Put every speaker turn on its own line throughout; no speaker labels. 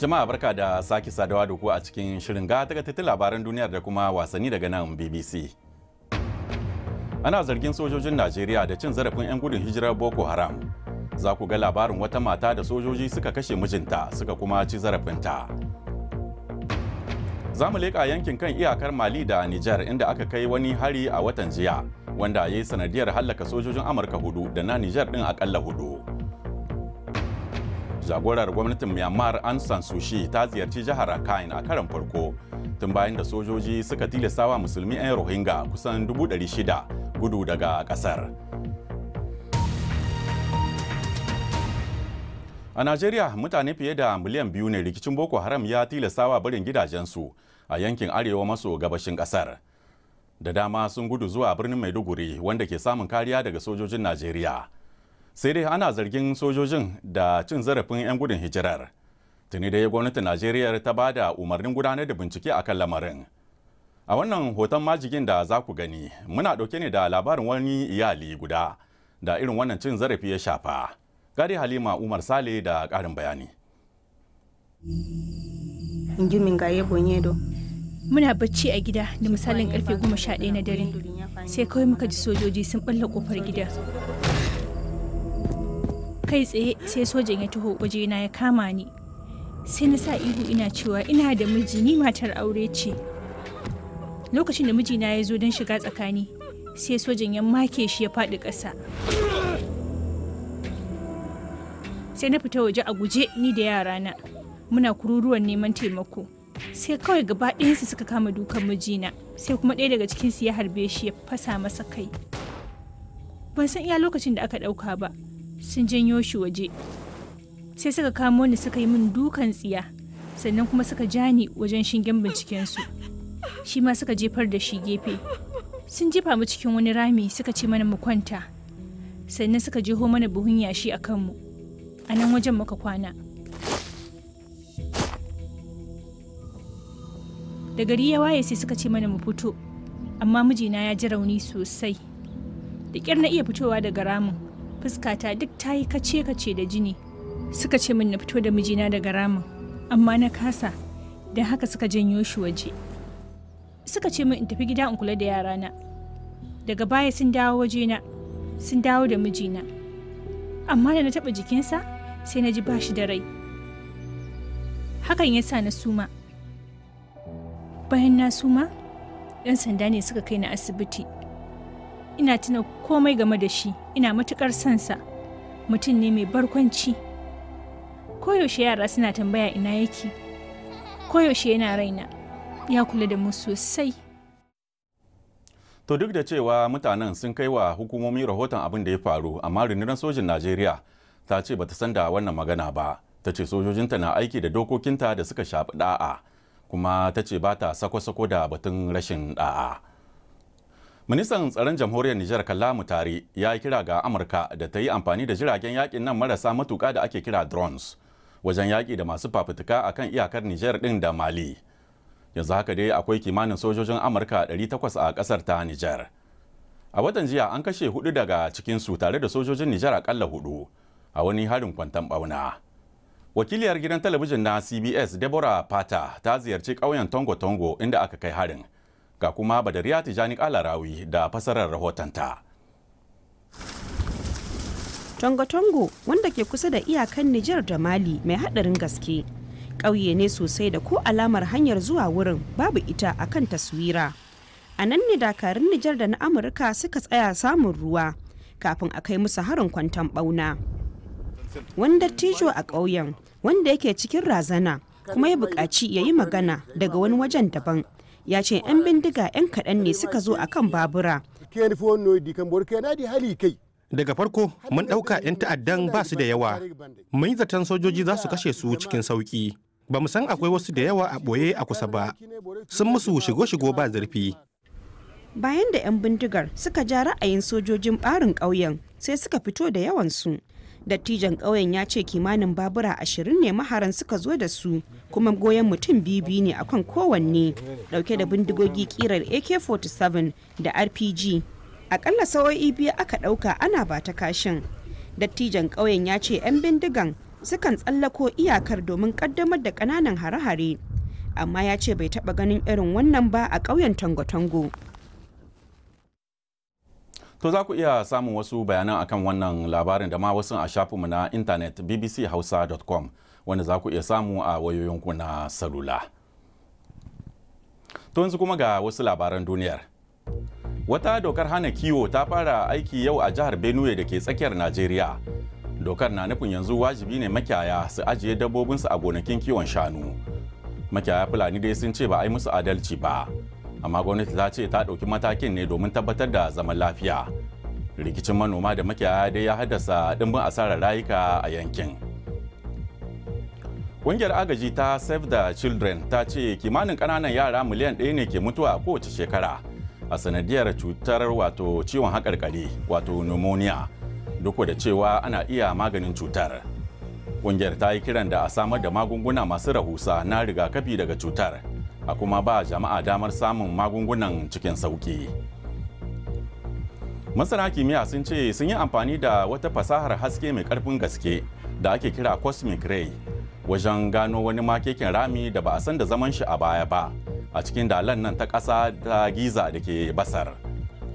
Jama'a barka da sake sadawa da ku a cikin shirin ga takaitattun labaran duniya da kuma wasanni daga nan BBC. Ana zargin sojojin Najeriya da cin zarafin 'yan gudun hijirar Boko Haram. Za ku ga labarin wata mata da sojoji suka kashe mijinta suka kuma ci zarafinta. Za mu leƙa yankin kan iyakar Mali da niger inda aka kai wani hari a watan jiya wanda ya yi sanadiyar hallaka sojojin Amurka hudu da na niger din akalla hudu. jagorar gwamnatin myanmar an san sushi ta ziyarci jihar rakhine a karan farko tun bayan da sojoji suka tilastawa musulmi 'yan rohingya kusan 600 gudu daga kasar a najeriya mutane fiye da miliyan biyu ne rikicin boko haram ya tilastawa barin gidajensu a yankin arewa maso gabashin kasar da dama sun gudu zuwa birnin maiduguri wanda ke samun kariya daga sojojin najeriya sai dai ana zargin sojojin da cin zarafin 'yan gudun hijirar tuni dai gwamnatin najeriya ta ba da umarnin gudanar da bincike akan lamarin a wannan hoton majigin da za ku gani muna ɗauke ne da labarin wani iyali guda da irin wannan cin zarafi ya shafa gari halima umar sale da ƙarin bayani
muna bacci a gida da misalin karfe 11 na dare sai kawai muka ji sojoji sun ɓalla kofar gida kai tsaye sai sojan ya taho wajena ya kama ni sai na sa ihu ina cewa ina da miji ni matar aure ce lokacin da mijina ya zo don shiga tsakani sai sojan ya make shi ya faɗi ƙasa sai na fita waje a guje ni da yarana muna kururuwan neman taimako sai kawai gaba ɗayansu suka kama dukan mijina sai kuma ɗaya daga cikinsu ya harbe shi ya fasa masa kai ban san iya lokacin da aka ɗauka ba sun janyo shi waje sai suka kamo ni suka yi min dukan tsiya sannan kuma suka ja ni wajen shingen bincikensu shi ma suka jefar da shi gefe sun jefa mu cikin wani rami suka ce mana mu kwanta sannan suka jeho mana buhun yashi a kanmu a nan wajen muka kwana da gari ya waye sai suka ce mana mu fito amma mijina ya ji rauni sosai da kyar na iya fitowa daga ramin fuskata duk ta yi kace-kace da jini suka ce min na fito da mijina daga ramin amma na kasa don haka suka janyo shi waje suka ce min in tafi gida in kula da yarana daga baya sun dawo wajena sun dawo da mijina amma da na taɓa jikinsa sai na ji ba shi da rai hakan ya sa na suma bayan na suma 'yan sanda ne suka kai na asibiti ina tuna komai game da shi ina matukar sansa mutum ne mai barkwanci koyaushe yara suna tambaya ina yake koyaushe yana raina ya kula da mu sosai
to duk da cewa mutanen sun kai wa hukumomi rahoton abin da ya faru amma rundunar sojin najeriya ta ce bata san da wannan magana ba ta ce sojojinta na aiki da dokokinta da suka shafi da'a kuma ta ce ba ta sako-sako da batun rashin da'a Ministan tsaron jamhuriyar Nijar Kallamu Tare ya yi kira ga Amurka da ta yi amfani da jiragen yakin nan marasa matuka da ake kira drones wajen yaƙi da masu fafutuka a kan iyakar Nijar ɗin da Mali. Yanzu haka dai akwai kimanin sojojin Amurka 800 a ƙasar ta Nijar. A watan jiya an kashe hudu daga cikinsu tare da sojojin Nijar akalla hudu a wani harin kwantan ɓauna. Wakiliyar gidan talabijin na CBS Deborah Pata ta ziyarci ƙauyen Tongo-Tongo inda aka kai harin. ga kuma badariya tijani kalarawi da fasarar rahotonta
tongo-tongo wanda ke kusa da iyakan nijar da mali mai hadarin gaske ƙauye ne sosai da ko alamar hanyar zuwa wurin babu ita akan taswira a nan ne dakarun nijar da na amurka suka tsaya samun ruwa kafin a kai musu harin kwanton ɓauna wanda tijo a ƙauyen wanda yake cikin razana kuma ya buƙaci ya yi magana daga wani wajen daban ya ce 'yan bindiga 'yan kaɗan ne suka zo kan babura.
Daga farko mun ɗauka 'yan ta'addan ba su da yawa, mun yi zaton sojoji za su kashe su cikin sauƙi. Ba mu san akwai wasu da yawa a ɓoye a kusa ba, sun musu shigo-shigo ba zurfi.
Bayan da 'yan bindigar suka ja ra'ayin sojojin ɓarin ƙauyen sai suka fito da yawansu. dattijan ƙauyen ya ce kimanin babura ashirin ne maharan suka zo da su kuma goyon mutum biyu ne akan kowanne dauke da bindigogi kirar ak-47 da rpg akalla sa'o'i biyu aka dauka ana ba ta kashin dattijan ƙauyen ya ce 'yan bindigan sukan tsallako iyakar domin kaddamar da ƙananan hare-hare amma ya ce bai taɓa ganin irin wannan ba a ƙauyen tango-tango
To za ku iya samun wasu bayanan akan wannan labarin da ma wasu a shafinmu na intanet bbchausa.com wanda za ku iya samu a wayoyinku na salula. To yanzu kuma ga wasu labaran duniyar. Wata dokar hana kiwo ta fara aiki yau a jihar Benue da ke tsakiyar Najeriya. Dokar na nufin yanzu wajibi ne makiyaya su ajiye dabbobinsu a gonakin kiwon shanu. Makiyaya Fulani dai sun ce ba a yi musu adalci ba. amma gwamnati ta ce ta ɗauki matakin ne domin tabbatar da zaman lafiya rikicin manoma da makiyaya dai ya haddasa ɗimbin asarar rayuka a yankin ƙungiyar agaji ta save the children ta ce kimanin ƙananan yara miliyan ɗaya ne ke mutuwa a kowace shekara a sanadiyar cutar wato ciwon haƙarƙari wato pneumonia duk da cewa ana iya maganin cutar ƙungiyar ta yi kiran da a samar da magunguna masu rahusa na rigakafi daga cutar a kuma ba jama'a damar samun magungunan cikin sauki Masana kimiyya sun ce sun yi amfani da wata fasahar haske mai karfin gaske da ake kira cosmic ray wajen gano wani makekin rami da ba a san da zaman shi a baya ba a cikin dalan nan ta ƙasa da giza da ke basar.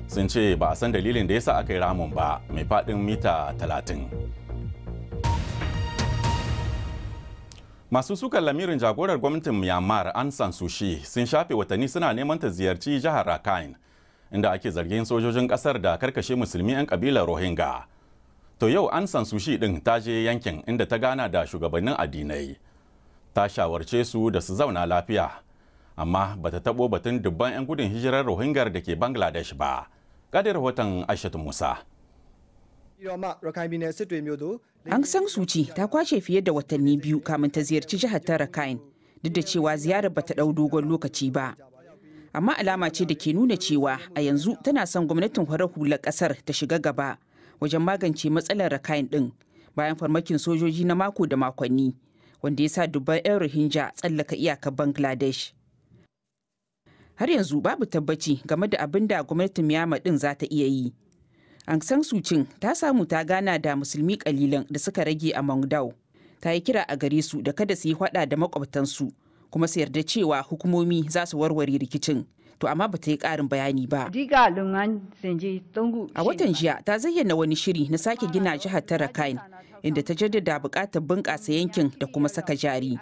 Sun ce ba a san dalilin da yasa aka yi ramin ba mai faɗin mita talatin. Masu sukan lamirin jagorar gwamnatin Myanmar an San Suu sun shafe watanni suna neman ta ziyarci jihar Rakhine inda ake zargin sojojin kasar da karkashe musulmi 'yan kabilar Rohingya. To yau an San Suu din ta je yankin inda ta gana da shugabannin addinai. Ta shawarce su da su zauna lafiya amma bata tabo batun dubban 'yan gudun hijirar Rohingyar da ke Bangladesh ba. Kadir rahoton Aisha Musa.
An
san Suci ta kwashe fiye da watanni biyu kamin ta ziyarci jihar ta Rakhine duk da cewa ziyarar bata ɗau dogon lokaci ba. Amma alama ce da ke nuna cewa a yanzu tana son gwamnatin farar hular ƙasar ta shiga gaba wajen magance matsalar Rakhine ɗin bayan farmakin sojoji na mako da makonni wanda ya sa dubban 'yan Rohingya tsallaka iyaka Bangladesh. Har yanzu babu tabbaci game da abinda gwamnatin Myanmar ɗin za ta iya yi. Aung San Suu ta samu ta gana da musulmi kalilan da suka rage a Mangdao. Ta yi kira a gare su da kada su yi hada da makwabtansu kuma su yarda cewa hukumomi za su warware rikicin. To amma ba ta yi karin bayani ba. A watan jiya ta zayyana wani shiri na sake gina jihar Tarakain inda ta jaddada bukatar bunƙasa yankin da kuma saka jari.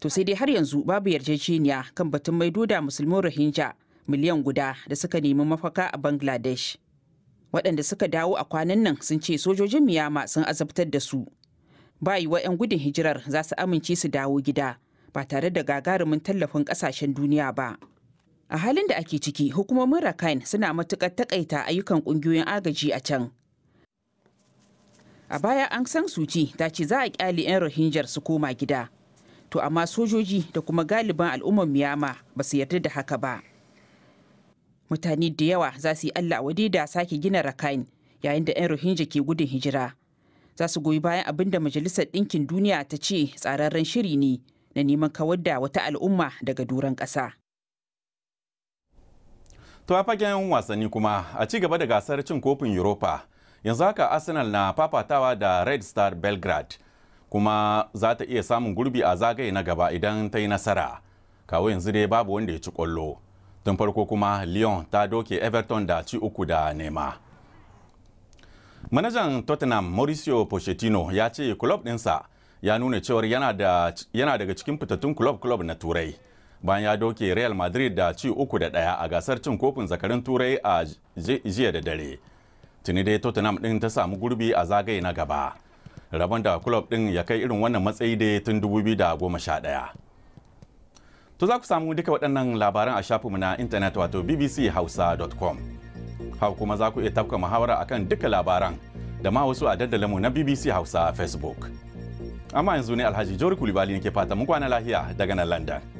To sai dai har yanzu babu yarjejeniya kan batun maido da musulmin Rohingya miliyan guda da suka nemi mafaka a Bangladesh. waɗanda suka dawo a kwanan nan sun ce sojojin miyama sun azabtar da su ba yiwa 'yan gudun hijirar za su amince su dawo gida ba tare da gagarumin tallafin ƙasashen duniya ba a halin da ake ciki hukumomin rakhine suna matukar takaita ayyukan ƙungiyoyin agaji a can a baya an san suci ta ce za a kyale 'yan rohingyar su koma gida to amma sojoji da kuma galiban al'ummar miyama ba su yarda da haka ba mutane da yawa za su yi allah wade da sake gina rakhine yayin da 'yan rohingya ke gudun hijira za su goyi bayan abin da majalisar ɗinkin duniya ta ce tsararren shiri ne na neman kawar da wata al'umma daga duran ƙasa.
To a fagen wasanni kuma a ci gaba da gasar cin kofin Europa yanzu haka Arsenal na fafatawa da Red Star Belgrade kuma za ta iya samun gurbi a zagaye na gaba idan ta yi nasara. Kawo yanzu dai babu wanda ya ci kwallo. tun farko kuma lyon ta doke everton da ci uku da nema manajan tottenham mauricio pochettino ya ce kulob ɗinsa ya nuna cewar yana daga cikin fitattun kulob-kulob na turai bayan ya doke real madrid da ci uku da ɗaya a gasar cin kofin zakarin turai a jiya da dare tuni dai tottenham din ta samu gurbi a zagaye na gaba rabon da kulob din ya kai irin wannan matsayi dai tun 2011 To za ku samu duka waɗannan labaran a shafinmu na intanet wato bbchausa.com. Hau kuma za ku iya tafka muhawara akan duka labaran da ma wasu a dandalinmu na BBC Hausa a Facebook. Amma yanzu ne Alhaji Jori Kulibali ne ke fata mu kwana lahiya daga nan London.